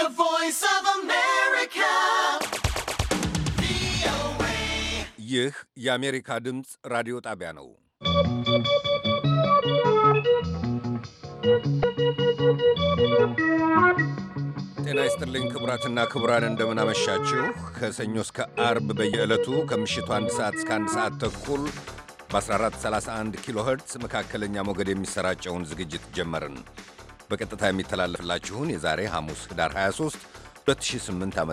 The Voice of America. ይህ የአሜሪካ ድምፅ ራዲዮ ጣቢያ ነው። ጤና ይስጥልኝ ክቡራትና ክቡራን፣ እንደምናመሻችሁ ከሰኞ እስከ አርብ በየዕለቱ ከምሽቱ አንድ ሰዓት እስከ አንድ ሰዓት ተኩል በ1431 ኪሎ ኸርትዝ መካከለኛ ሞገድ የሚሰራጨውን ዝግጅት ጀመርን። በቀጥታ የሚተላለፍላችሁን የዛሬ ሐሙስ ህዳር 23 2008 ዓ ም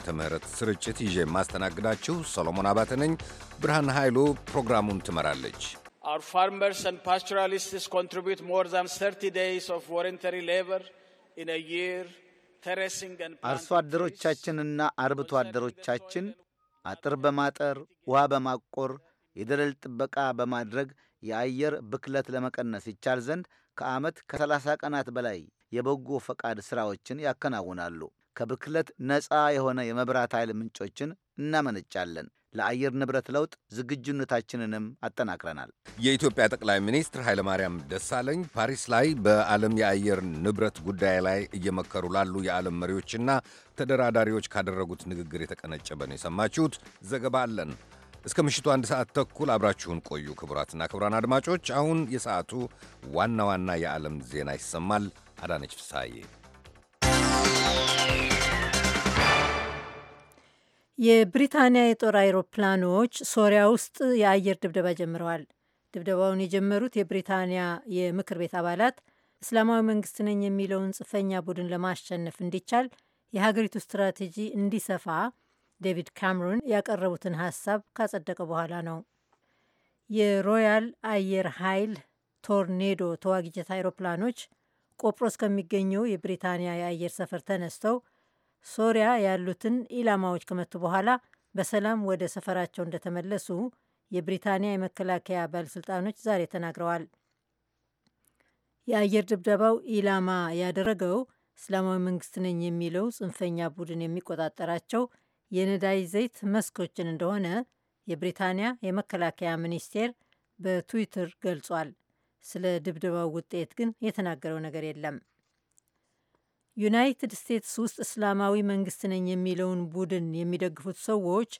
ስርጭት ይዤ የማስተናግዳችሁ ሰሎሞን አባተ ነኝ። ብርሃን ኃይሉ ፕሮግራሙን ትመራለች። Our farmers and pastoralists contribute more than 30 days of voluntary labor in a year. አርሶ አደሮቻችንና አርብቶ አደሮቻችን አጥር በማጠር ውሃ በማቆር የደለል ጥበቃ በማድረግ የአየር ብክለት ለመቀነስ ይቻል ዘንድ ከዓመት ከ30 ቀናት በላይ የበጎ ፈቃድ ሥራዎችን ያከናውናሉ። ከብክለት ነፃ የሆነ የመብራት ኃይል ምንጮችን እናመነጫለን። ለአየር ንብረት ለውጥ ዝግጁነታችንንም አጠናክረናል። የኢትዮጵያ ጠቅላይ ሚኒስትር ኃይለማርያም ደሳለኝ ፓሪስ ላይ በዓለም የአየር ንብረት ጉዳይ ላይ እየመከሩ ላሉ የዓለም መሪዎችና ተደራዳሪዎች ካደረጉት ንግግር የተቀነጨበ ነው የሰማችሁት። ዘገባ አለን። እስከ ምሽቱ አንድ ሰዓት ተኩል አብራችሁን ቆዩ። ክቡራትና ክቡራን አድማጮች አሁን የሰዓቱ ዋና ዋና የዓለም ዜና ይሰማል። አዳነች ፍሳዬ። የብሪታንያ የጦር አይሮፕላኖች ሶሪያ ውስጥ የአየር ድብደባ ጀምረዋል። ድብደባውን የጀመሩት የብሪታንያ የምክር ቤት አባላት እስላማዊ መንግስት ነኝ የሚለውን ጽንፈኛ ቡድን ለማሸነፍ እንዲቻል የሀገሪቱ ስትራቴጂ እንዲሰፋ ዴቪድ ካምሮን ያቀረቡትን ሀሳብ ካጸደቀ በኋላ ነው። የሮያል አየር ኃይል ቶርኔዶ ተዋጊ ጀት አይሮፕላኖች ቆጵሮስ ከሚገኘው የብሪታንያ የአየር ሰፈር ተነስተው ሶሪያ ያሉትን ኢላማዎች ከመቱ በኋላ በሰላም ወደ ሰፈራቸው እንደተመለሱ የብሪታንያ የመከላከያ ባለሥልጣኖች ዛሬ ተናግረዋል። የአየር ድብደባው ኢላማ ያደረገው እስላማዊ መንግስት ነኝ የሚለው ጽንፈኛ ቡድን የሚቆጣጠራቸው የነዳጅ ዘይት መስኮችን እንደሆነ የብሪታንያ የመከላከያ ሚኒስቴር በትዊተር ገልጿል። ስለ ድብደባው ውጤት ግን የተናገረው ነገር የለም። ዩናይትድ ስቴትስ ውስጥ እስላማዊ መንግስት ነኝ የሚለውን ቡድን የሚደግፉት ሰዎች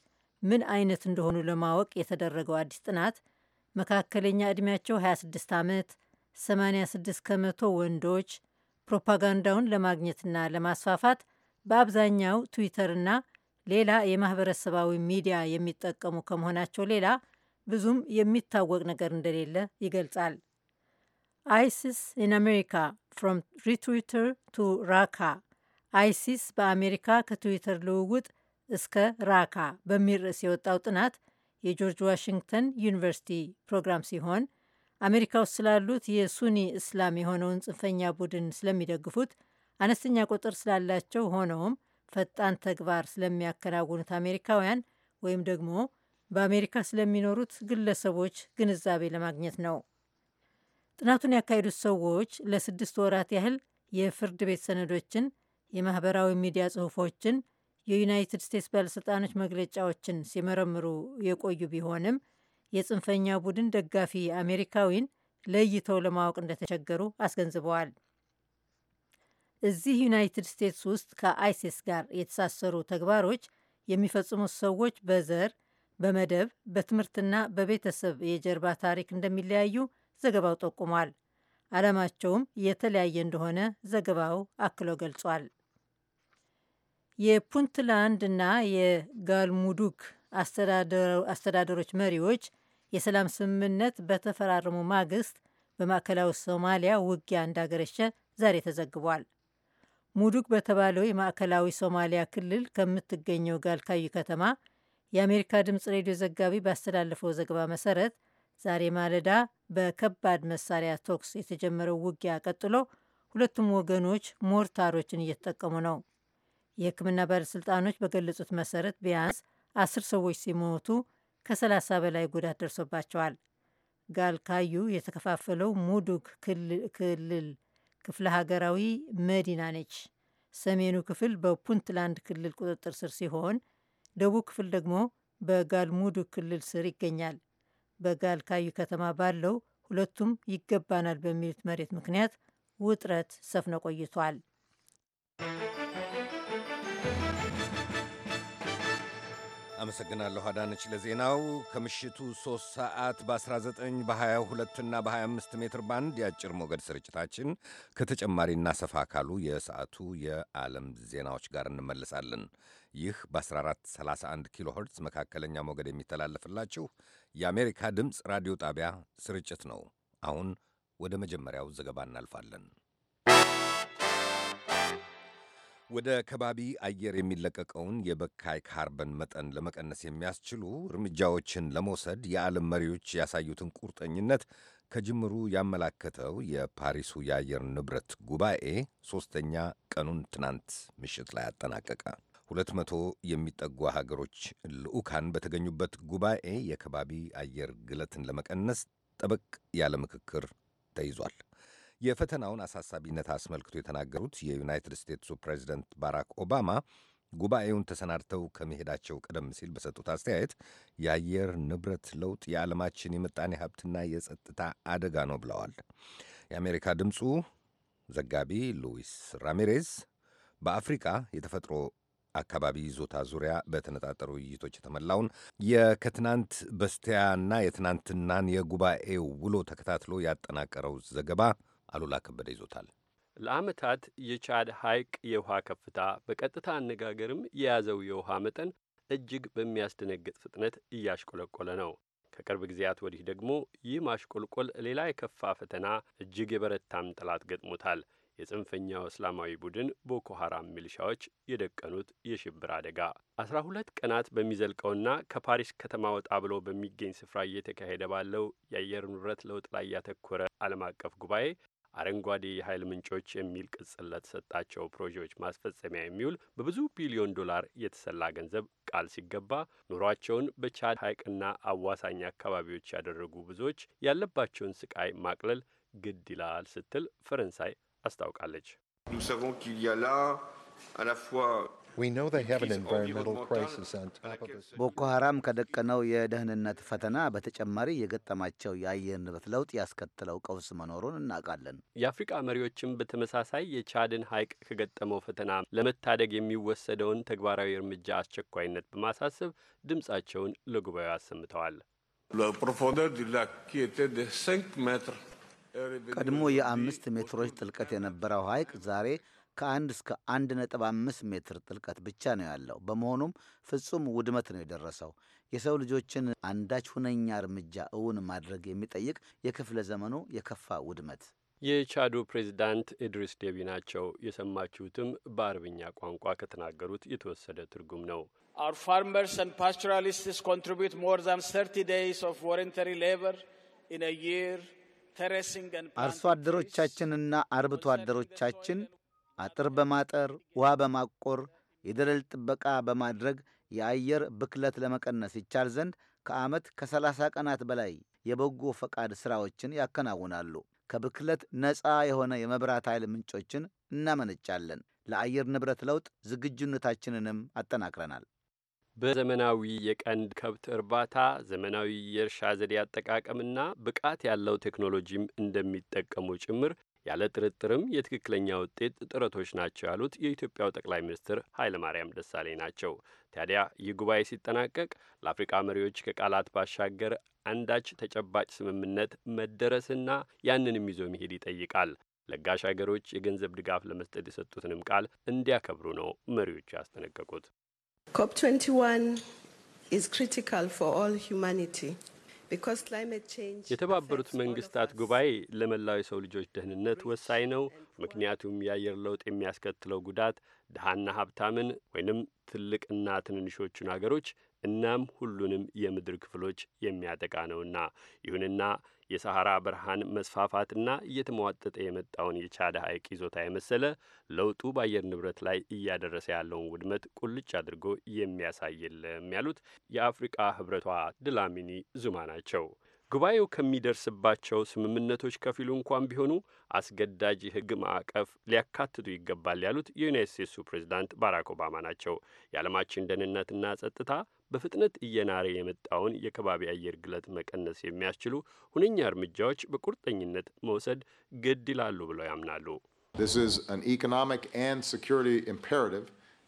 ምን አይነት እንደሆኑ ለማወቅ የተደረገው አዲስ ጥናት መካከለኛ ዕድሜያቸው 26 ዓመት 86 ከመቶ ወንዶች ፕሮፓጋንዳውን ለማግኘትና ለማስፋፋት በአብዛኛው ትዊተርና ሌላ የማህበረሰባዊ ሚዲያ የሚጠቀሙ ከመሆናቸው ሌላ ብዙም የሚታወቅ ነገር እንደሌለ ይገልጻል። አይሲስ ኢን አሜሪካ ፍሮም ሪትዊተር ቱ ራካ አይሲስ በአሜሪካ ከትዊተር ልውውጥ እስከ ራካ በሚል ርዕስ የወጣው ጥናት የጆርጅ ዋሽንግተን ዩኒቨርሲቲ ፕሮግራም ሲሆን አሜሪካ ውስጥ ስላሉት የሱኒ እስላም የሆነውን ጽንፈኛ ቡድን ስለሚደግፉት አነስተኛ ቁጥር ስላላቸው ሆነውም ፈጣን ተግባር ስለሚያከናውኑት አሜሪካውያን ወይም ደግሞ በአሜሪካ ስለሚኖሩት ግለሰቦች ግንዛቤ ለማግኘት ነው። ጥናቱን ያካሄዱት ሰዎች ለስድስት ወራት ያህል የፍርድ ቤት ሰነዶችን፣ የማህበራዊ ሚዲያ ጽሑፎችን፣ የዩናይትድ ስቴትስ ባለሥልጣኖች መግለጫዎችን ሲመረምሩ የቆዩ ቢሆንም የጽንፈኛ ቡድን ደጋፊ አሜሪካዊን ለይተው ለማወቅ እንደተቸገሩ አስገንዝበዋል። እዚህ ዩናይትድ ስቴትስ ውስጥ ከአይሲስ ጋር የተሳሰሩ ተግባሮች የሚፈጽሙት ሰዎች በዘር፣ በመደብ፣ በትምህርትና በቤተሰብ የጀርባ ታሪክ እንደሚለያዩ ዘገባው ጠቁሟል። ዓላማቸውም የተለያየ እንደሆነ ዘገባው አክሎ ገልጿል። የፑንትላንድ የፑንትላንድና የጋልሙዱግ አስተዳደሮች መሪዎች የሰላም ስምምነት በተፈራረሙ ማግስት በማዕከላዊ ሶማሊያ ውጊያ እንዳገረሸ ዛሬ ተዘግቧል። ሙዱግ በተባለው የማዕከላዊ ሶማሊያ ክልል ከምትገኘው ጋልካዩ ከተማ የአሜሪካ ድምፅ ሬዲዮ ዘጋቢ ባስተላለፈው ዘገባ መሰረት ዛሬ ማለዳ በከባድ መሳሪያ ተኩስ የተጀመረው ውጊያ ቀጥሎ ሁለቱም ወገኖች ሞርታሮችን እየተጠቀሙ ነው። የሕክምና ባለሥልጣኖች በገለጹት መሰረት ቢያንስ አስር ሰዎች ሲሞቱ ከሰላሳ በላይ ጉዳት ደርሶባቸዋል። ጋልካዩ የተከፋፈለው ሙዱግ ክልል ክፍለ ሀገራዊ መዲና ነች። ሰሜኑ ክፍል በፑንትላንድ ክልል ቁጥጥር ስር ሲሆን፣ ደቡብ ክፍል ደግሞ በጋልሙዱግ ክልል ስር ይገኛል። በጋልካዩ ከተማ ባለው ሁለቱም ይገባናል በሚሉት መሬት ምክንያት ውጥረት ሰፍነ ቆይቷል። አመሰግናለሁ አዳነች ለዜናው። ከምሽቱ 3 ሰዓት በ19 22 እና በ25 ሜትር ባንድ የአጭር ሞገድ ስርጭታችን ከተጨማሪና ሰፋ ካሉ የሰዓቱ የዓለም ዜናዎች ጋር እንመለሳለን። ይህ በ1431 ኪሎ ኸርትዝ መካከለኛ ሞገድ የሚተላለፍላችሁ የአሜሪካ ድምፅ ራዲዮ ጣቢያ ስርጭት ነው። አሁን ወደ መጀመሪያው ዘገባ እናልፋለን። ወደ ከባቢ አየር የሚለቀቀውን የበካይ ካርበን መጠን ለመቀነስ የሚያስችሉ እርምጃዎችን ለመውሰድ የዓለም መሪዎች ያሳዩትን ቁርጠኝነት ከጅምሩ ያመላከተው የፓሪሱ የአየር ንብረት ጉባኤ ሦስተኛ ቀኑን ትናንት ምሽት ላይ አጠናቀቀ። ሁለት መቶ የሚጠጉ ሀገሮች ልዑካን በተገኙበት ጉባኤ የከባቢ አየር ግለትን ለመቀነስ ጠበቅ ያለ ምክክር ተይዟል። የፈተናውን አሳሳቢነት አስመልክቶ የተናገሩት የዩናይትድ ስቴትሱ ፕሬዚደንት ባራክ ኦባማ ጉባኤውን ተሰናድተው ከመሄዳቸው ቀደም ሲል በሰጡት አስተያየት የአየር ንብረት ለውጥ የዓለማችን የምጣኔ ሀብትና የጸጥታ አደጋ ነው ብለዋል። የአሜሪካ ድምፁ ዘጋቢ ሉዊስ ራሜሬዝ በአፍሪካ የተፈጥሮ አካባቢ ይዞታ ዙሪያ በተነጣጠሩ ውይይቶች የተሞላውን የከትናንት በስቲያና የትናንትናን የጉባኤው ውሎ ተከታትሎ ያጠናቀረው ዘገባ አሉላ ከበደ ይዞታል። ለዓመታት የቻድ ሐይቅ የውሃ ከፍታ በቀጥታ አነጋገርም የያዘው የውሃ መጠን እጅግ በሚያስደነግጥ ፍጥነት እያሽቆለቆለ ነው። ከቅርብ ጊዜያት ወዲህ ደግሞ ይህ ማሽቆልቆል ሌላ የከፋ ፈተና እጅግ የበረታም ጠላት ገጥሞታል። የጽንፈኛው እስላማዊ ቡድን ቦኮ ሐራም ሚሊሻዎች የደቀኑት የሽብር አደጋ አስራ ሁለት ቀናት በሚዘልቀውና ከፓሪስ ከተማ ወጣ ብሎ በሚገኝ ስፍራ እየተካሄደ ባለው የአየር ንብረት ለውጥ ላይ ያተኮረ ዓለም አቀፍ ጉባኤ አረንጓዴ የኃይል ምንጮች የሚል ቅጽል ለተሰጣቸው ፕሮጀክቶች ማስፈጸሚያ የሚውል በብዙ ቢሊዮን ዶላር የተሰላ ገንዘብ ቃል ሲገባ ኑሯቸውን በቻድ ሐይቅና አዋሳኝ አካባቢዎች ያደረጉ ብዙዎች ያለባቸውን ስቃይ ማቅለል ግድ ይላል ስትል ፈረንሳይ አስታውቃለች። ቦኮ ሐራም ከደቀነው የደህንነት ፈተና በተጨማሪ የገጠማቸው የአየር ንብረት ለውጥ ያስከትለው ቀውስ መኖሩን እናውቃለን። የአፍሪቃ መሪዎችም በተመሳሳይ የቻድን ሐይቅ ከገጠመው ፈተና ለመታደግ የሚወሰደውን ተግባራዊ እርምጃ አስቸኳይነት በማሳሰብ ድምፃቸውን ለጉባኤው አሰምተዋል። ፕሮፎንደር ኪ ደ ሜትር ቀድሞ የአምስት ሜትሮች ጥልቀት የነበረው ሐይቅ ዛሬ ከአንድ እስከ አንድ ነጥብ አምስት ሜትር ጥልቀት ብቻ ነው ያለው። በመሆኑም ፍጹም ውድመት ነው የደረሰው። የሰው ልጆችን አንዳች ሁነኛ እርምጃ እውን ማድረግ የሚጠይቅ የክፍለ ዘመኑ የከፋ ውድመት። የቻዱ ፕሬዚዳንት ኢድሪስ ዴቢ ናቸው። የሰማችሁትም በአረብኛ ቋንቋ ከተናገሩት የተወሰደ ትርጉም ነው። Our farmers and pastoralists contribute more than 30 days of voluntary labor in a year. አርሶ አደሮቻችንና አርብቶ አደሮቻችን አጥር በማጠር ውሃ በማቆር የደለል ጥበቃ በማድረግ የአየር ብክለት ለመቀነስ ይቻል ዘንድ ከዓመት ከ ቀናት በላይ የበጎ ፈቃድ ሥራዎችን ያከናውናሉ። ከብክለት ነፃ የሆነ የመብራት ኃይል ምንጮችን እናመነጫለን። ለአየር ንብረት ለውጥ ዝግጁነታችንንም አጠናክረናል። በዘመናዊ የቀንድ ከብት እርባታ ዘመናዊ የእርሻ ዘዴ አጠቃቀምና ብቃት ያለው ቴክኖሎጂም እንደሚጠቀሙ ጭምር ያለ ጥርጥርም የትክክለኛ ውጤት ጥረቶች ናቸው ያሉት የኢትዮጵያው ጠቅላይ ሚኒስትር ኃይለማርያም ደሳለኝ ናቸው። ታዲያ ይህ ጉባኤ ሲጠናቀቅ ለአፍሪቃ መሪዎች ከቃላት ባሻገር አንዳች ተጨባጭ ስምምነት መደረስና ያንንም ይዞ መሄድ ይጠይቃል። ለጋሽ አገሮች የገንዘብ ድጋፍ ለመስጠት የሰጡትንም ቃል እንዲያከብሩ ነው መሪዎቹ ያስጠነቀቁት። የተባበሩት መንግስታት ጉባኤ ለመላው የሰው ልጆች ደህንነት ወሳኝ ነው። ምክንያቱም የአየር ለውጥ የሚያስከትለው ጉዳት ድሃና ሀብታምን ወይንም ትልቅና ትንንሾቹን አገሮች እናም ሁሉንም የምድር ክፍሎች የሚያጠቃ ነውና። ይሁንና የሰሐራ ብርሃን መስፋፋትና እየተሟጠጠ የመጣውን የቻደ ሐይቅ ይዞታ የመሰለ ለውጡ በአየር ንብረት ላይ እያደረሰ ያለውን ውድመት ቁልጭ አድርጎ የሚያሳይልም ያሉት የአፍሪቃ ህብረቷ ድላሚኒ ዙማ ናቸው። ጉባኤው ከሚደርስባቸው ስምምነቶች ከፊሉ እንኳን ቢሆኑ አስገዳጅ ህግ ማዕቀፍ ሊያካትቱ ይገባል ያሉት የዩናይት ስቴትሱ ፕሬዚዳንት ባራክ ኦባማ ናቸው። የዓለማችን ደህንነትና ጸጥታ በፍጥነት እየናረ የመጣውን የከባቢ አየር ግለት መቀነስ የሚያስችሉ ሁነኛ እርምጃዎች በቁርጠኝነት መውሰድ ግድ ይላሉ ብለው ያምናሉ።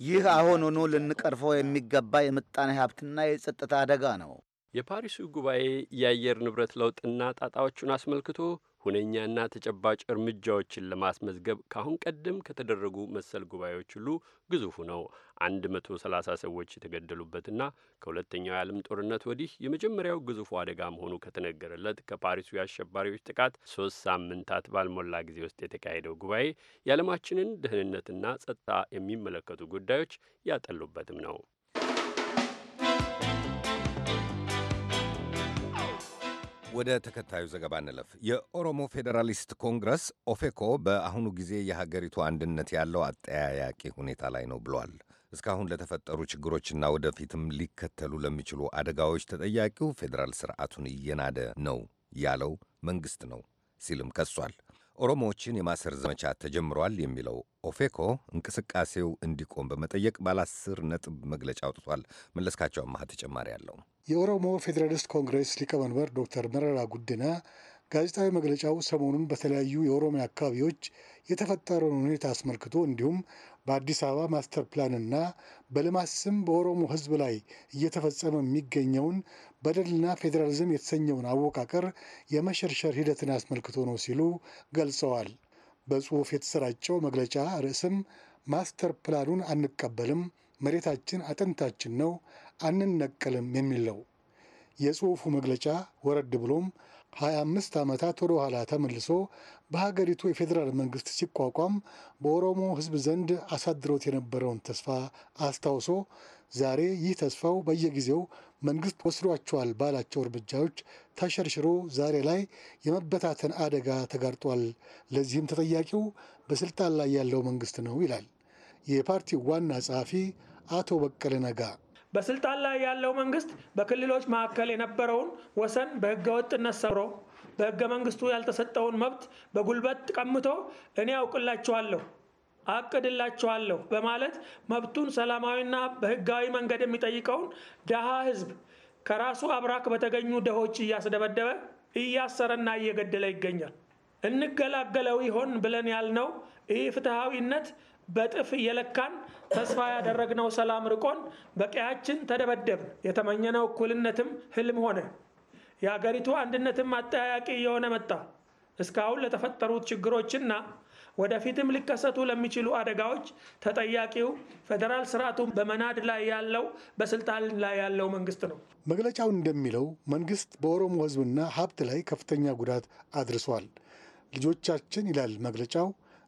ይህ አሁን ኑ ልንቀርፈው የሚገባ የምጣኔ ሀብትና የጸጥታ አደጋ ነው። የፓሪሱ ጉባኤ የአየር ንብረት ለውጥና ጣጣዎቹን አስመልክቶ ሁነኛና ተጨባጭ እርምጃዎችን ለማስመዝገብ ከአሁን ቀደም ከተደረጉ መሰል ጉባኤዎች ሁሉ ግዙፉ ነው። 130 ሰዎች የተገደሉበትና ከሁለተኛው የዓለም ጦርነት ወዲህ የመጀመሪያው ግዙፉ አደጋ መሆኑ ከተነገረለት ከፓሪሱ የአሸባሪዎች ጥቃት ሶስት ሳምንታት ባልሞላ ጊዜ ውስጥ የተካሄደው ጉባኤ የዓለማችንን ደህንነትና ጸጥታ የሚመለከቱ ጉዳዮች ያጠሉበትም ነው። ወደ ተከታዩ ዘገባ እንለፍ። የኦሮሞ ፌዴራሊስት ኮንግረስ ኦፌኮ በአሁኑ ጊዜ የሀገሪቱ አንድነት ያለው አጠያያቂ ሁኔታ ላይ ነው ብሏል። እስካሁን ለተፈጠሩ ችግሮችና ወደፊትም ሊከተሉ ለሚችሉ አደጋዎች ተጠያቂው ፌዴራል ስርዓቱን እየናደ ነው ያለው መንግስት ነው ሲልም ከሷል። ኦሮሞዎችን የማሰር ዘመቻ ተጀምሯል የሚለው ኦፌኮ እንቅስቃሴው እንዲቆም በመጠየቅ ባለ ነጥብ መግለጫ አውጥቷል። መለስካቸው አማሃ ተጨማሪ አለው። የኦሮሞ ፌዴራሊስት ኮንግሬስ ሊቀመንበር ዶክተር መረራ ጉድና ጋዜጣዊ መግለጫው ሰሞኑን በተለያዩ የኦሮሚያ አካባቢዎች የተፈጠረውን ሁኔታ አስመልክቶ እንዲሁም በአዲስ አበባ ማስተር ፕላንና በልማት ስም በኦሮሞ ሕዝብ ላይ እየተፈጸመ የሚገኘውን በደልና ፌዴራሊዝም የተሰኘውን አወቃቀር የመሸርሸር ሂደትን አስመልክቶ ነው ሲሉ ገልጸዋል። በጽሑፍ የተሰራጨው መግለጫ ርዕስም ማስተር ፕላኑን አንቀበልም፣ መሬታችን አጥንታችን ነው፣ አንነቀልም የሚል ነው። የጽሑፉ መግለጫ ወረድ ብሎም ሀያ አምስት ዓመታት ወደ ኋላ ተመልሶ በሀገሪቱ የፌዴራል መንግስት ሲቋቋም በኦሮሞ ሕዝብ ዘንድ አሳድሮት የነበረውን ተስፋ አስታውሶ ዛሬ ይህ ተስፋው በየጊዜው መንግስት ወስዷቸዋል ባላቸው እርምጃዎች ተሸርሽሮ ዛሬ ላይ የመበታተን አደጋ ተጋርጧል። ለዚህም ተጠያቂው በስልጣን ላይ ያለው መንግስት ነው ይላል የፓርቲው ዋና ጸሐፊ አቶ በቀለ ነጋ። በስልጣን ላይ ያለው መንግስት በክልሎች መካከል የነበረውን ወሰን በህገወጥነት ሰብሮ በህገ መንግስቱ ያልተሰጠውን መብት በጉልበት ቀምቶ እኔ አውቅላችኋለሁ አቅድላችኋለሁ በማለት መብቱን ሰላማዊና በህጋዊ መንገድ የሚጠይቀውን ደሃ ህዝብ ከራሱ አብራክ በተገኙ ደሆች እያስደበደበ እያሰረና እየገደለ ይገኛል። እንገላገለው ይሆን ብለን ያልነው ይህ ፍትሐዊነት በጥፍ እየለካን ተስፋ ያደረግነው ሰላም ርቆን በቀያችን ተደበደብ። የተመኘነው እኩልነትም ህልም ሆነ። የአገሪቱ አንድነትም አጠያያቂ እየሆነ መጣ። እስካሁን ለተፈጠሩት ችግሮችና ወደፊትም ሊከሰቱ ለሚችሉ አደጋዎች ተጠያቂው ፌዴራል ስርዓቱ በመናድ ላይ ያለው በስልጣን ላይ ያለው መንግስት ነው። መግለጫው እንደሚለው መንግስት በኦሮሞ ህዝብና ሀብት ላይ ከፍተኛ ጉዳት አድርሷል። ልጆቻችን ይላል መግለጫው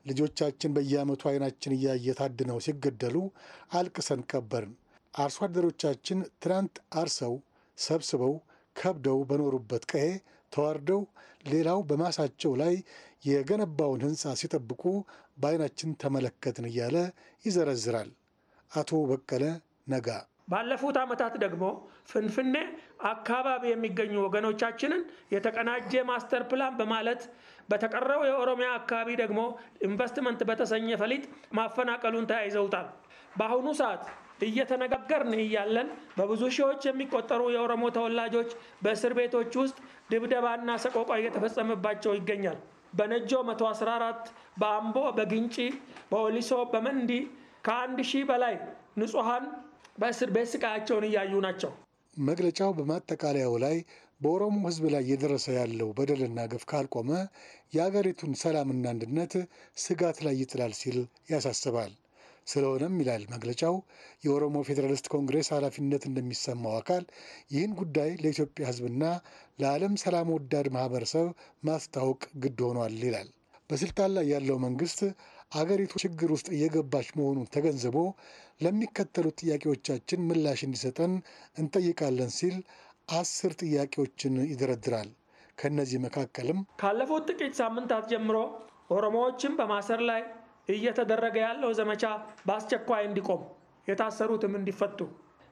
ልጆቻችን በየዓመቱ አይናችን እያየ ታድነው ሲገደሉ አልቅሰን ቀበርን። አርሶ አደሮቻችን ትናንት አርሰው ሰብስበው ከብደው በኖሩበት ቀዬ ተዋርደው ሌላው በማሳቸው ላይ የገነባውን ሕንፃ ሲጠብቁ በአይናችን ተመለከትን እያለ ይዘረዝራል አቶ በቀለ ነጋ። ባለፉት ዓመታት ደግሞ ፍንፍኔ አካባቢ የሚገኙ ወገኖቻችንን የተቀናጀ ማስተር ፕላን በማለት በተቀረው የኦሮሚያ አካባቢ ደግሞ ኢንቨስትመንት በተሰኘ ፈሊጥ ማፈናቀሉን ተያይዘውታል። በአሁኑ ሰዓት እየተነጋገርን እያለን በብዙ ሺዎች የሚቆጠሩ የኦሮሞ ተወላጆች በእስር ቤቶች ውስጥ ድብደባና ሰቆቋ እየተፈጸመባቸው ይገኛል። በነጆ 114 በአምቦ በግንጪ በወሊሶ በመንዲ ከአንድ ሺህ በላይ ንጹሐን በእስር ቤት ስቃያቸውን እያዩ ናቸው። መግለጫው በማጠቃለያው ላይ በኦሮሞ ሕዝብ ላይ እየደረሰ ያለው በደልና ግፍ ካልቆመ የአገሪቱን ሰላምና አንድነት ስጋት ላይ ይጥላል ሲል ያሳስባል። ስለሆነም ይላል መግለጫው፣ የኦሮሞ ፌዴራሊስት ኮንግሬስ ኃላፊነት እንደሚሰማው አካል ይህን ጉዳይ ለኢትዮጵያ ሕዝብና ለዓለም ሰላም ወዳድ ማህበረሰብ ማስታወቅ ግድ ሆኗል ይላል። በስልጣን ላይ ያለው መንግስት አገሪቱ ችግር ውስጥ እየገባች መሆኑን ተገንዝቦ ለሚከተሉት ጥያቄዎቻችን ምላሽ እንዲሰጠን እንጠይቃለን ሲል አስር ጥያቄዎችን ይደረድራል። ከእነዚህ መካከልም ካለፉት ጥቂት ሳምንታት ጀምሮ ኦሮሞዎችን በማሰር ላይ እየተደረገ ያለው ዘመቻ በአስቸኳይ እንዲቆም፣ የታሰሩትም እንዲፈቱ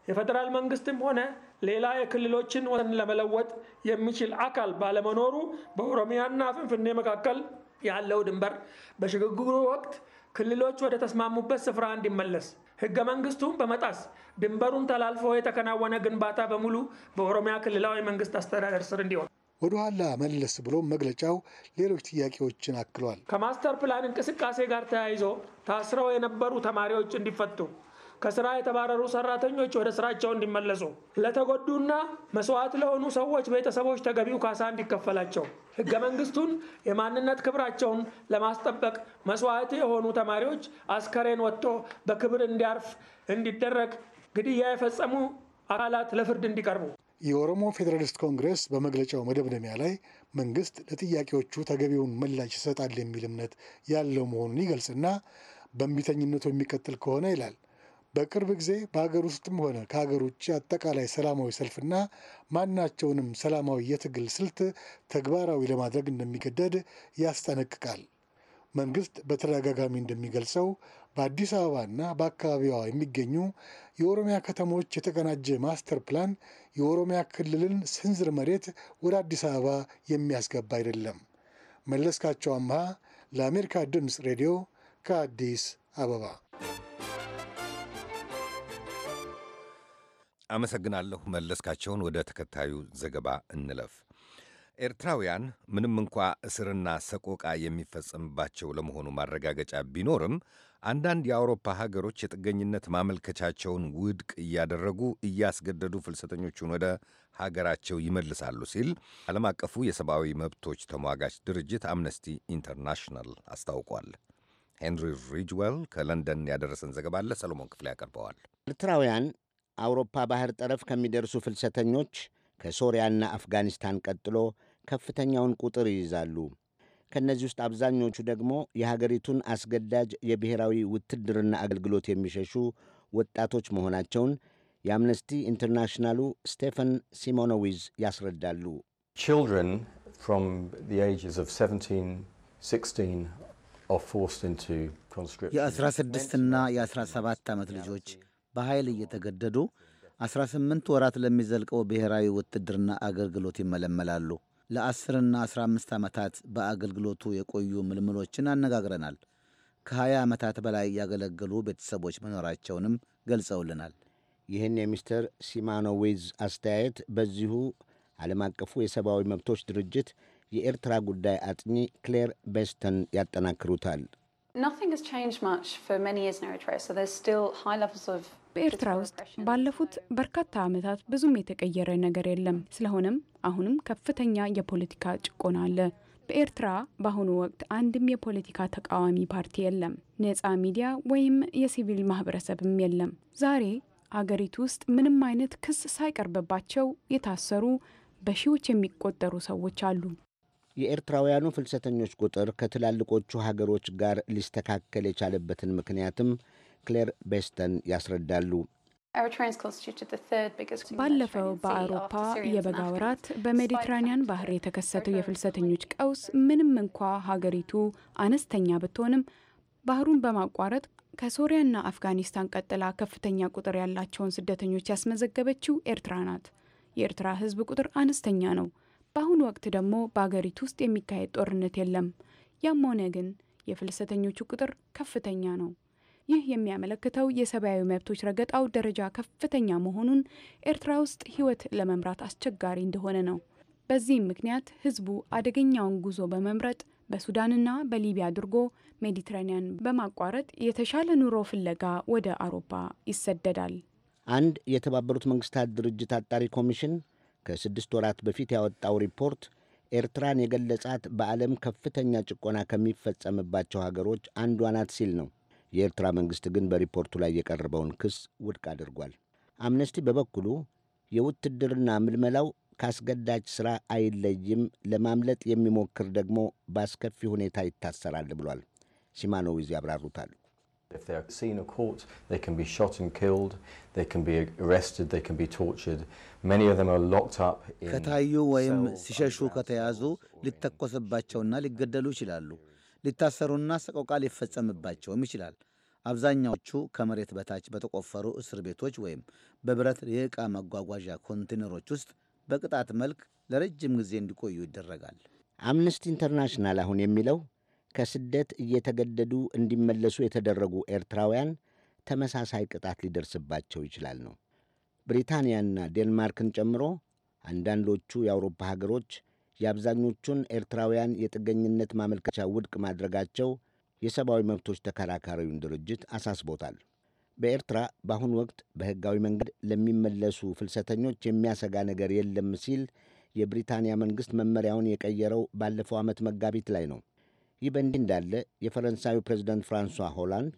የፌዴራል መንግስትም ሆነ ሌላ የክልሎችን ወሰን ለመለወጥ የሚችል አካል ባለመኖሩ በኦሮሚያና ፍንፍኔ መካከል ያለው ድንበር በሽግግሩ ወቅት ክልሎች ወደ ተስማሙበት ስፍራ እንዲመለስ ህገ መንግስቱን በመጣስ ድንበሩን ተላልፎ የተከናወነ ግንባታ በሙሉ በኦሮሚያ ክልላዊ መንግስት አስተዳደር ስር እንዲሆን ወደ ኋላ መለስ ብሎ መግለጫው ሌሎች ጥያቄዎችን አክሏል። ከማስተር ፕላን እንቅስቃሴ ጋር ተያይዞ ታስረው የነበሩ ተማሪዎች እንዲፈቱ ከስራ የተባረሩ ሰራተኞች ወደ ስራቸው እንዲመለሱ፣ ለተጎዱና መስዋዕት ለሆኑ ሰዎች ቤተሰቦች ተገቢው ካሳ እንዲከፈላቸው፣ ህገ መንግስቱን የማንነት ክብራቸውን ለማስጠበቅ መስዋዕት የሆኑ ተማሪዎች አስከሬን ወጥቶ በክብር እንዲያርፍ እንዲደረግ፣ ግድያ የፈጸሙ አካላት ለፍርድ እንዲቀርቡ። የኦሮሞ ፌዴራሊስት ኮንግሬስ በመግለጫው መደምደሚያ ላይ መንግስት ለጥያቄዎቹ ተገቢውን ምላሽ ይሰጣል የሚል እምነት ያለው መሆኑን ይገልጽና በእምቢተኝነቱ የሚቀጥል ከሆነ ይላል በቅርብ ጊዜ በሀገር ውስጥም ሆነ ከሀገር ውጭ አጠቃላይ ሰላማዊ ሰልፍና ማናቸውንም ሰላማዊ የትግል ስልት ተግባራዊ ለማድረግ እንደሚገደድ ያስጠነቅቃል። መንግስት በተደጋጋሚ እንደሚገልጸው በአዲስ አበባና በአካባቢዋ የሚገኙ የኦሮሚያ ከተሞች የተቀናጀ ማስተር ፕላን የኦሮሚያ ክልልን ስንዝር መሬት ወደ አዲስ አበባ የሚያስገባ አይደለም። መለስካቸው አምሃ ለአሜሪካ ድምፅ ሬዲዮ ከአዲስ አበባ አመሰግናለሁ መለስካቸውን። ወደ ተከታዩ ዘገባ እንለፍ። ኤርትራውያን ምንም እንኳ እስርና ሰቆቃ የሚፈጸምባቸው ለመሆኑ ማረጋገጫ ቢኖርም አንዳንድ የአውሮፓ ሀገሮች የጥገኝነት ማመልከቻቸውን ውድቅ እያደረጉ እያስገደዱ ፍልሰተኞቹን ወደ ሀገራቸው ይመልሳሉ ሲል ዓለም አቀፉ የሰብአዊ መብቶች ተሟጋች ድርጅት አምነስቲ ኢንተርናሽናል አስታውቋል። ሄንሪ ሪጅዌል ከለንደን ያደረሰን ዘገባ አለ። ሰሎሞን ክፍሌ ያቀርበዋል። ኤርትራውያን አውሮፓ ባህር ጠረፍ ከሚደርሱ ፍልሰተኞች ከሶሪያና አፍጋኒስታን ቀጥሎ ከፍተኛውን ቁጥር ይይዛሉ። ከእነዚህ ውስጥ አብዛኞቹ ደግሞ የሀገሪቱን አስገዳጅ የብሔራዊ ውትድርና አገልግሎት የሚሸሹ ወጣቶች መሆናቸውን የአምነስቲ ኢንተርናሽናሉ ስቴፈን ሲሞኖዊዝ ያስረዳሉ። የ የ16ና የ 17 ዓመት ልጆች በኃይል እየተገደዱ 18 ወራት ለሚዘልቀው ብሔራዊ ውትድርና አገልግሎት ይመለመላሉ። ለ10ና 15 ዓመታት በአገልግሎቱ የቆዩ ምልምሎችን አነጋግረናል። ከ20 ዓመታት በላይ ያገለገሉ ቤተሰቦች መኖራቸውንም ገልጸውልናል። ይህን የሚስተር ሲማኖዊዝ አስተያየት በዚሁ ዓለም አቀፉ የሰብአዊ መብቶች ድርጅት የኤርትራ ጉዳይ አጥኚ ክሌር ቤስተን ያጠናክሩታል። በኤርትራ ውስጥ ባለፉት በርካታ ዓመታት ብዙም የተቀየረ ነገር የለም። ስለሆነም አሁንም ከፍተኛ የፖለቲካ ጭቆና አለ። በኤርትራ በአሁኑ ወቅት አንድም የፖለቲካ ተቃዋሚ ፓርቲ የለም። ነፃ ሚዲያ ወይም የሲቪል ማህበረሰብም የለም። ዛሬ አገሪቱ ውስጥ ምንም አይነት ክስ ሳይቀርብባቸው የታሰሩ በሺዎች የሚቆጠሩ ሰዎች አሉ። የኤርትራውያኑ ፍልሰተኞች ቁጥር ከትላልቆቹ ሀገሮች ጋር ሊስተካከል የቻለበትን ምክንያትም ክሌር ቤስተን ያስረዳሉ። ባለፈው በአውሮፓ የበጋ ወራት በሜዲትራኒያን ባህር የተከሰተው የፍልሰተኞች ቀውስ ምንም እንኳ ሀገሪቱ አነስተኛ ብትሆንም ባህሩን በማቋረጥ ከሶሪያና አፍጋኒስታን ቀጥላ ከፍተኛ ቁጥር ያላቸውን ስደተኞች ያስመዘገበችው ኤርትራ ናት። የኤርትራ ሕዝብ ቁጥር አነስተኛ ነው። በአሁኑ ወቅት ደግሞ በአገሪቱ ውስጥ የሚካሄድ ጦርነት የለም። ያም ሆነ ግን የፍልሰተኞቹ ቁጥር ከፍተኛ ነው። ይህ የሚያመለክተው የሰብአዊ መብቶች ረገጣው ደረጃ ከፍተኛ መሆኑን፣ ኤርትራ ውስጥ ህይወት ለመምራት አስቸጋሪ እንደሆነ ነው። በዚህም ምክንያት ህዝቡ አደገኛውን ጉዞ በመምረጥ በሱዳንና በሊቢያ አድርጎ ሜዲትራኒያን በማቋረጥ የተሻለ ኑሮ ፍለጋ ወደ አውሮፓ ይሰደዳል። አንድ የተባበሩት መንግስታት ድርጅት አጣሪ ኮሚሽን ከስድስት ወራት በፊት ያወጣው ሪፖርት ኤርትራን የገለጻት በዓለም ከፍተኛ ጭቆና ከሚፈጸምባቸው ሀገሮች አንዷ ናት ሲል ነው። የኤርትራ መንግሥት ግን በሪፖርቱ ላይ የቀረበውን ክስ ውድቅ አድርጓል። አምነስቲ በበኩሉ የውትድርና ምልመላው ካስገዳጅ ሥራ አይለይም፣ ለማምለጥ የሚሞክር ደግሞ በአስከፊ ሁኔታ ይታሰራል ብሏል። ሲማኖዊዝ ያብራሩታል። ከታዩ ወይም ሲሸሹ ከተያዙ ሊተኮስባቸውና ሊገደሉ ይችላሉ። ሊታሰሩና ሰቆቃ ሊፈጸምባቸውም ይችላል። አብዛኛዎቹ ከመሬት በታች በተቆፈሩ እስር ቤቶች ወይም በብረት የዕቃ መጓጓዣ ኮንቴነሮች ውስጥ በቅጣት መልክ ለረጅም ጊዜ እንዲቆዩ ይደረጋል። አምነስቲ ኢንተርናሽናል አሁን የሚለው ከስደት እየተገደዱ እንዲመለሱ የተደረጉ ኤርትራውያን ተመሳሳይ ቅጣት ሊደርስባቸው ይችላል ነው። ብሪታንያና ዴንማርክን ጨምሮ አንዳንዶቹ የአውሮፓ ሀገሮች የአብዛኞቹን ኤርትራውያን የጥገኝነት ማመልከቻ ውድቅ ማድረጋቸው የሰብአዊ መብቶች ተከራካሪውን ድርጅት አሳስቦታል። በኤርትራ በአሁኑ ወቅት በሕጋዊ መንገድ ለሚመለሱ ፍልሰተኞች የሚያሰጋ ነገር የለም ሲል የብሪታንያ መንግሥት መመሪያውን የቀየረው ባለፈው ዓመት መጋቢት ላይ ነው። ይህ በእንዲህ እንዳለ የፈረንሳዩ ፕሬዚደንት ፍራንሷ ሆላንድ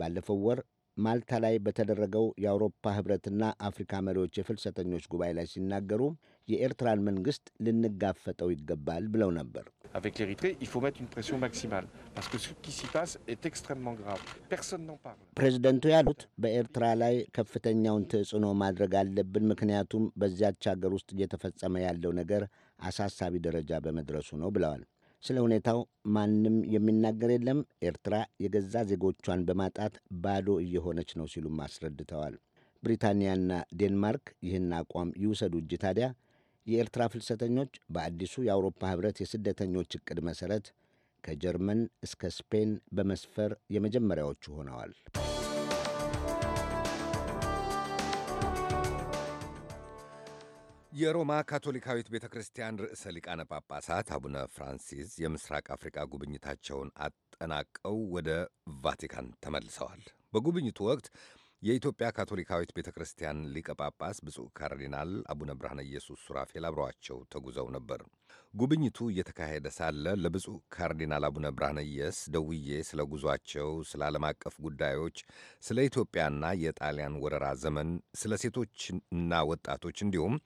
ባለፈው ወር ማልታ ላይ በተደረገው የአውሮፓ ኅብረትና አፍሪካ መሪዎች የፍልሰተኞች ጉባኤ ላይ ሲናገሩ የኤርትራን መንግስት ልንጋፈጠው ይገባል ብለው ነበር። ፕሬዝደንቱ ያሉት በኤርትራ ላይ ከፍተኛውን ተጽዕኖ ማድረግ አለብን፣ ምክንያቱም በዚያች አገር ውስጥ እየተፈጸመ ያለው ነገር አሳሳቢ ደረጃ በመድረሱ ነው ብለዋል። ስለ ሁኔታው ማንም የሚናገር የለም። ኤርትራ የገዛ ዜጎቿን በማጣት ባዶ እየሆነች ነው ሲሉም አስረድተዋል። ብሪታንያና ዴንማርክ ይህን አቋም ይውሰዱ እጅ ታዲያ የኤርትራ ፍልሰተኞች በአዲሱ የአውሮፓ ኅብረት የስደተኞች ዕቅድ መሠረት ከጀርመን እስከ ስፔን በመስፈር የመጀመሪያዎቹ ሆነዋል። የሮማ ካቶሊካዊት ቤተ ክርስቲያን ርዕሰ ሊቃነ ጳጳሳት አቡነ ፍራንሲስ የምስራቅ አፍሪካ ጉብኝታቸውን አጠናቀው ወደ ቫቲካን ተመልሰዋል። በጉብኝቱ ወቅት የኢትዮጵያ ካቶሊካዊት ቤተ ክርስቲያን ሊቀ ጳጳስ ብፁዕ ካርዲናል አቡነ ብርሃነ ኢየሱስ ሱራፌል አብረዋቸው ተጉዘው ነበር። ጉብኝቱ እየተካሄደ ሳለ ለብፁዕ ካርዲናል አቡነ ብርሃነ ኢየስ ደውዬ ስለ ጉዟቸው፣ ስለ ዓለም አቀፍ ጉዳዮች፣ ስለ ኢትዮጵያና የጣሊያን ወረራ ዘመን፣ ስለ ሴቶችና ወጣቶች እንዲሁም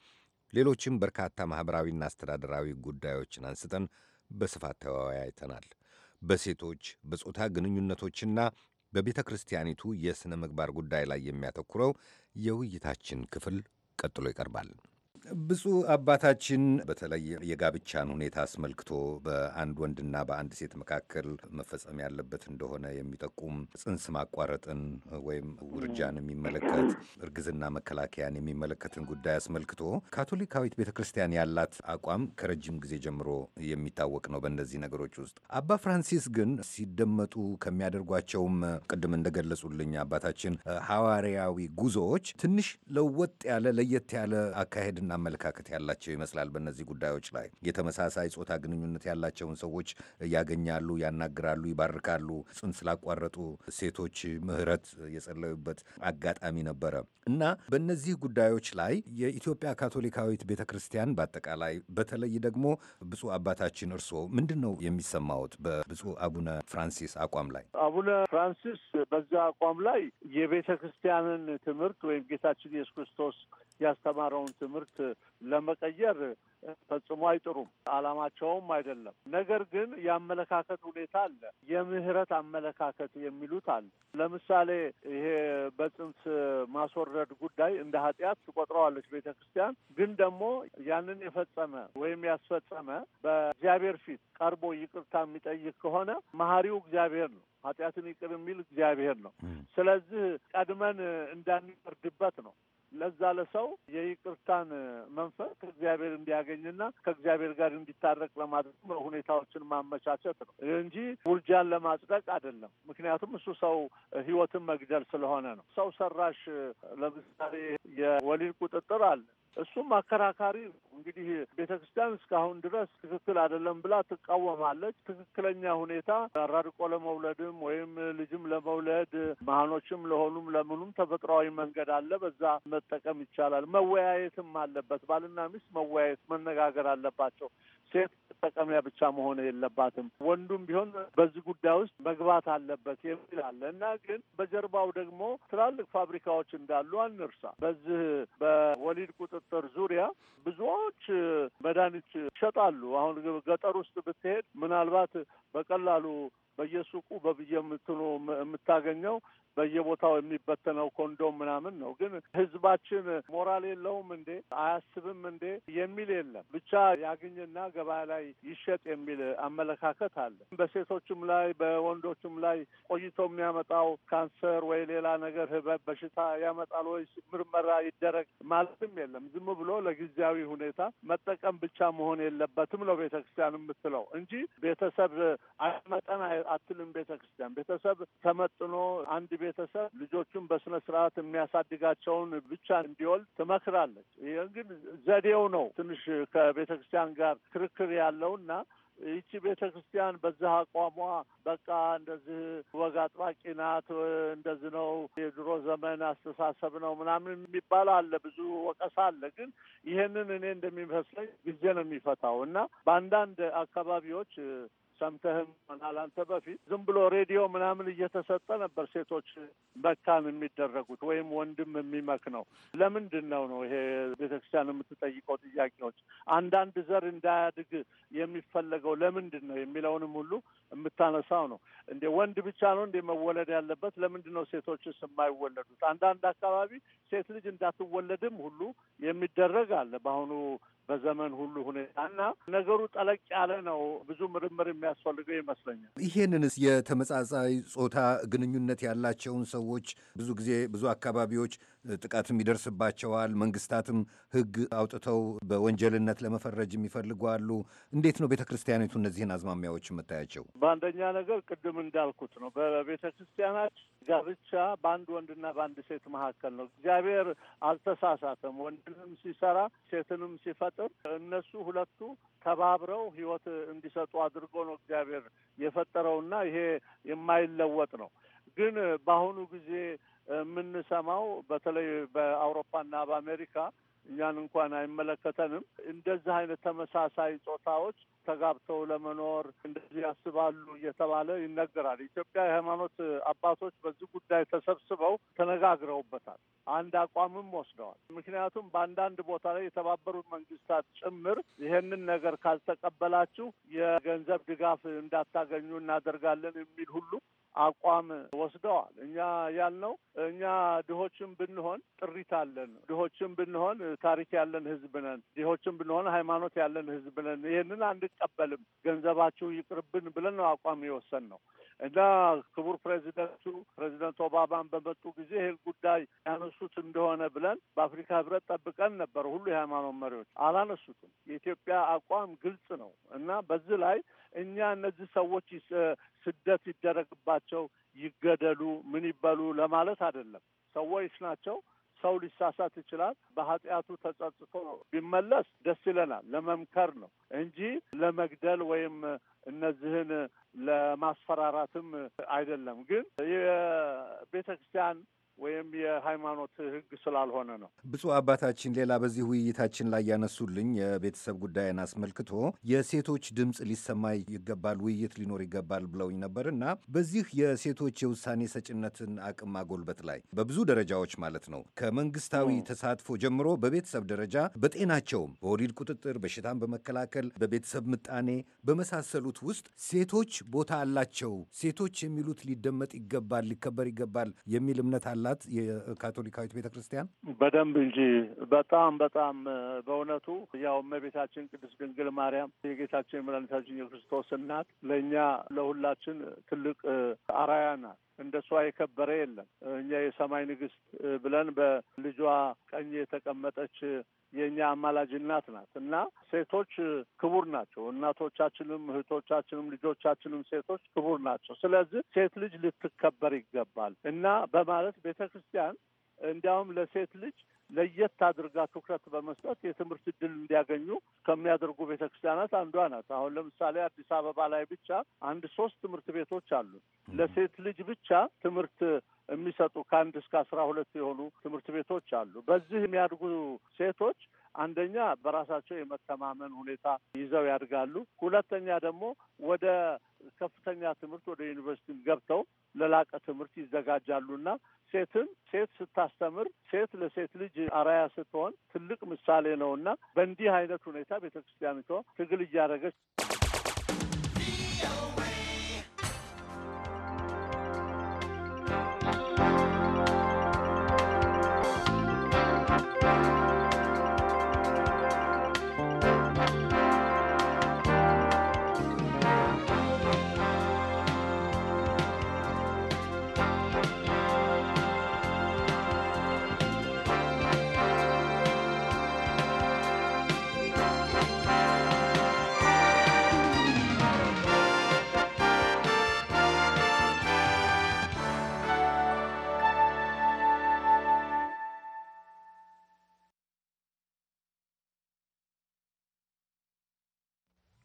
ሌሎችም በርካታ ማኅበራዊና አስተዳደራዊ ጉዳዮችን አንስተን በስፋት ተወያይተናል። በሴቶች በጾታ ግንኙነቶችና በቤተ ክርስቲያኒቱ የሥነ ምግባር ጉዳይ ላይ የሚያተኩረው የውይይታችን ክፍል ቀጥሎ ይቀርባል። ብፁዕ አባታችን በተለይ የጋብቻን ሁኔታ አስመልክቶ በአንድ ወንድና በአንድ ሴት መካከል መፈጸም ያለበት እንደሆነ የሚጠቁም ጽንስ ማቋረጥን ወይም ውርጃን የሚመለከት እርግዝና መከላከያን የሚመለከትን ጉዳይ አስመልክቶ ካቶሊካዊት ቤተ ክርስቲያን ያላት አቋም ከረጅም ጊዜ ጀምሮ የሚታወቅ ነው። በእነዚህ ነገሮች ውስጥ አባ ፍራንሲስ ግን ሲደመጡ ከሚያደርጓቸውም ቅድም እንደገለጹልኝ አባታችን ሐዋርያዊ ጉዞዎች ትንሽ ለወጥ ያለ ለየት ያለ አካሄድና አመለካከት ያላቸው ይመስላል። በእነዚህ ጉዳዮች ላይ የተመሳሳይ ጾታ ግንኙነት ያላቸውን ሰዎች ያገኛሉ፣ ያናግራሉ፣ ይባርካሉ። ጽን ስላቋረጡ ሴቶች ምህረት የጸለዩበት አጋጣሚ ነበረ እና በእነዚህ ጉዳዮች ላይ የኢትዮጵያ ካቶሊካዊት ቤተ ክርስቲያን በአጠቃላይ በተለይ ደግሞ ብፁዕ አባታችን እርስዎ ምንድን ነው የሚሰማዎት በብፁዕ አቡነ ፍራንሲስ አቋም ላይ? አቡነ ፍራንሲስ በዛ አቋም ላይ የቤተ ክርስቲያንን ትምህርት ወይም ጌታችን ኢየሱስ ክርስቶስ ያስተማረውን ትምህርት ለመቀየር ፈጽሞ አይጥሩም። አላማቸውም አይደለም። ነገር ግን የአመለካከት ሁኔታ አለ። የምህረት አመለካከት የሚሉት አለ። ለምሳሌ ይሄ በጽንስ ማስወረድ ጉዳይ እንደ ኃጢአት ትቆጥረዋለች ቤተ ክርስቲያን። ግን ደግሞ ያንን የፈጸመ ወይም ያስፈጸመ በእግዚአብሔር ፊት ቀርቦ ይቅርታ የሚጠይቅ ከሆነ መሀሪው እግዚአብሔር ነው። ኃጢአትን ይቅር የሚል እግዚአብሔር ነው። ስለዚህ ቀድመን እንዳንፈርድበት ነው ለዛ ለሰው የይቅርታን መንፈስ ከእግዚአብሔር እንዲያገኝና ከእግዚአብሔር ጋር እንዲታረቅ ለማድረግ ሁኔታዎችን ማመቻቸት ነው እንጂ ውርጃን ለማጽደቅ አይደለም። ምክንያቱም እሱ ሰው ህይወትን መግደል ስለሆነ ነው። ሰው ሰራሽ ለምሳሌ የወሊድ ቁጥጥር አለ። እሱም አከራካሪ ነው። እንግዲህ ቤተ ክርስቲያን እስካሁን ድረስ ትክክል አይደለም ብላ ትቃወማለች። ትክክለኛ ሁኔታ አራርቆ ለመውለድም ወይም ልጅም ለመውለድ መሀኖችም ለሆኑም ለምኑም ተፈጥሯዊ መንገድ አለ። በዛ መጠቀም ይቻላል። መወያየትም አለበት። ባልና ሚስት መወያየት መነጋገር አለባቸው። ሴት መጠቀሚያ ብቻ መሆን የለባትም። ወንዱም ቢሆን በዚህ ጉዳይ ውስጥ መግባት አለበት የሚል አለ እና ግን በጀርባው ደግሞ ትላልቅ ፋብሪካዎች እንዳሉ አንርሳ። በዚህ በወሊድ ቁጥጥር ዙሪያ ብዙ ሌሎች መድኃኒት ይሸጣሉ። አሁን ገጠር ውስጥ ብትሄድ ምናልባት በቀላሉ በየሱቁ በብዬ የምትኖ የምታገኘው በየቦታው የሚበተነው ኮንዶም ምናምን ነው። ግን ህዝባችን ሞራል የለውም እንዴ አያስብም እንዴ የሚል የለም። ብቻ ያግኝና ገበያ ላይ ይሸጥ የሚል አመለካከት አለ። በሴቶችም ላይ በወንዶችም ላይ ቆይቶ የሚያመጣው ካንሰር ወይ ሌላ ነገር ህበብ በሽታ ያመጣል ወይ ምርመራ ይደረግ ማለትም የለም። ዝም ብሎ ለጊዜያዊ ሁኔታ መጠቀም ብቻ መሆን የለበትም ነው ቤተክርስቲያን የምትለው እንጂ ቤተሰብ አይመጠን አትልም። ቤተክርስቲያን ቤተሰብ ተመጥኖ አንድ ቤ ቤተሰብ ልጆቹን በስነ ስርዓት የሚያሳድጋቸውን ብቻ እንዲወልድ ትመክራለች። ይህን ግን ዘዴው ነው ትንሽ ከቤተ ክርስቲያን ጋር ክርክር ያለው እና ይቺ ቤተ ክርስቲያን በዛህ አቋሟ በቃ እንደዚህ ወግ አጥባቂ ናት፣ እንደዚህ ነው የድሮ ዘመን አስተሳሰብ ነው ምናምን የሚባል አለ፣ ብዙ ወቀሳ አለ። ግን ይሄንን እኔ እንደሚመስለኝ ጊዜ ነው የሚፈታው እና በአንዳንድ አካባቢዎች ሰምተህም ሆናል አንተ በፊት ዝም ብሎ ሬዲዮ ምናምን እየተሰጠ ነበር ሴቶች መካን የሚደረጉት ወይም ወንድም የሚመክነው ለምንድን ነው ነው ይሄ ቤተክርስቲያን የምትጠይቀው ጥያቄዎች አንዳንድ ዘር እንዳያድግ የሚፈለገው ለምንድን ነው የሚለውንም ሁሉ የምታነሳው ነው እንደ ወንድ ብቻ ነው እንደ መወለድ ያለበት ለምንድን ነው ሴቶችስ የማይወለዱት አንዳንድ አካባቢ ሴት ልጅ እንዳትወለድም ሁሉ የሚደረግ አለ በአሁኑ በዘመን ሁሉ ሁኔታ እና ነገሩ ጠለቅ ያለ ነው። ብዙ ምርምር የሚያስፈልገው ይመስለኛል። ይሄንንስ የተመጻጻይ ጾታ ግንኙነት ያላቸውን ሰዎች ብዙ ጊዜ ብዙ አካባቢዎች ጥቃትም ይደርስባቸዋል። መንግስታትም ሕግ አውጥተው በወንጀልነት ለመፈረጅ የሚፈልጉ አሉ። እንዴት ነው ቤተ ክርስቲያኒቱ እነዚህን አዝማሚያዎች የምታያቸው? በአንደኛ ነገር ቅድም እንዳልኩት ነው በቤተ ጋብቻ በአንድ ወንድና በአንድ ሴት መካከል ነው። እግዚአብሔር አልተሳሳተም። ወንድንም ሲሰራ ሴትንም ሲፈጥር እነሱ ሁለቱ ተባብረው ሕይወት እንዲሰጡ አድርጎ ነው እግዚአብሔር የፈጠረውና ይሄ የማይለወጥ ነው። ግን በአሁኑ ጊዜ የምንሰማው በተለይ በአውሮፓና በአሜሪካ እኛን እንኳን አይመለከተንም። እንደዚህ አይነት ተመሳሳይ ጾታዎች ተጋብተው ለመኖር እንደዚህ ያስባሉ እየተባለ ይነገራል። ኢትዮጵያ የሃይማኖት አባቶች በዚህ ጉዳይ ተሰብስበው ተነጋግረውበታል። አንድ አቋምም ወስደዋል። ምክንያቱም በአንዳንድ ቦታ ላይ የተባበሩት መንግስታት ጭምር ይሄንን ነገር ካልተቀበላችሁ የገንዘብ ድጋፍ እንዳታገኙ እናደርጋለን የሚል ሁሉ አቋም ወስደዋል። እኛ ያልነው እኛ ድሆችም ብንሆን ጥሪት አለን፣ ድሆችም ብንሆን ታሪክ ያለን ህዝብ ነን፣ ድሆችም ብንሆን ሃይማኖት ያለን ህዝብ ነን። ይህንን አንቀበልም፣ ገንዘባችሁ ይቅርብን ብለን ነው አቋም የወሰን ነው። እና ክቡር ፕሬዚደንቱ ፕሬዚደንት ኦባማን በመጡ ጊዜ ይህን ጉዳይ ያነሱት እንደሆነ ብለን በአፍሪካ ህብረት ጠብቀን ነበር። ሁሉ የሃይማኖት መሪዎች አላነሱትም። የኢትዮጵያ አቋም ግልጽ ነው እና በዚህ ላይ እኛ እነዚህ ሰዎች ስደት ይደረግባቸው፣ ይገደሉ፣ ምን ይበሉ ለማለት አይደለም። ሰዎች ናቸው። ሰው ሊሳሳት ይችላል። በኃጢአቱ ተጸጽቶ ቢመለስ ደስ ይለናል። ለመምከር ነው እንጂ ለመግደል ወይም እነዚህን ለማስፈራራትም አይደለም። ግን የቤተ ክርስቲያን ወይም የሃይማኖት ህግ ስላልሆነ ነው። ብፁዕ አባታችን ሌላ በዚህ ውይይታችን ላይ ያነሱልኝ የቤተሰብ ጉዳይን አስመልክቶ የሴቶች ድምፅ ሊሰማ ይገባል፣ ውይይት ሊኖር ይገባል ብለውኝ ነበር እና በዚህ የሴቶች የውሳኔ ሰጭነትን አቅም ማጎልበት ላይ በብዙ ደረጃዎች ማለት ነው ከመንግስታዊ ተሳትፎ ጀምሮ በቤተሰብ ደረጃ በጤናቸውም፣ በወሊድ ቁጥጥር፣ በሽታን በመከላከል በቤተሰብ ምጣኔ በመሳሰሉት ውስጥ ሴቶች ቦታ አላቸው፣ ሴቶች የሚሉት ሊደመጥ ይገባል፣ ሊከበር ይገባል የሚል እምነት አላ አላት የካቶሊካዊት ቤተ ክርስቲያን በደንብ እንጂ በጣም በጣም በእውነቱ ያው እመቤታችን ቅድስት ድንግል ማርያም የጌታችን የመላኒታችን የክርስቶስ እናት ለእኛ ለሁላችን ትልቅ አራያ ናት። እንደሷ የከበረ የለም። እኛ የሰማይ ንግስት ብለን በልጇ ቀኝ የተቀመጠች የእኛ አማላጅ እናት ናት እና ሴቶች ክቡር ናቸው። እናቶቻችንም፣ እህቶቻችንም፣ ልጆቻችንም ሴቶች ክቡር ናቸው። ስለዚህ ሴት ልጅ ልትከበር ይገባል እና በማለት ቤተ ክርስቲያን እንዲያውም ለሴት ልጅ ለየት አድርጋ ትኩረት በመስጠት የትምህርት እድል እንዲያገኙ ከሚያደርጉ ቤተ ክርስቲያናት አንዷ ናት። አሁን ለምሳሌ አዲስ አበባ ላይ ብቻ አንድ ሶስት ትምህርት ቤቶች አሉ ለሴት ልጅ ብቻ ትምህርት የሚሰጡ ከአንድ እስከ አስራ ሁለት የሆኑ ትምህርት ቤቶች አሉ። በዚህ የሚያድጉ ሴቶች አንደኛ በራሳቸው የመተማመን ሁኔታ ይዘው ያድጋሉ። ሁለተኛ ደግሞ ወደ ከፍተኛ ትምህርት ወደ ዩኒቨርሲቲ ገብተው ለላቀ ትምህርት ይዘጋጃሉና ሴትን ሴት ስታስተምር ሴት ለሴት ልጅ አራያ ስትሆን ትልቅ ምሳሌ ነው እና በእንዲህ አይነት ሁኔታ ቤተ ክርስቲያኒቷ ትግል እያደረገች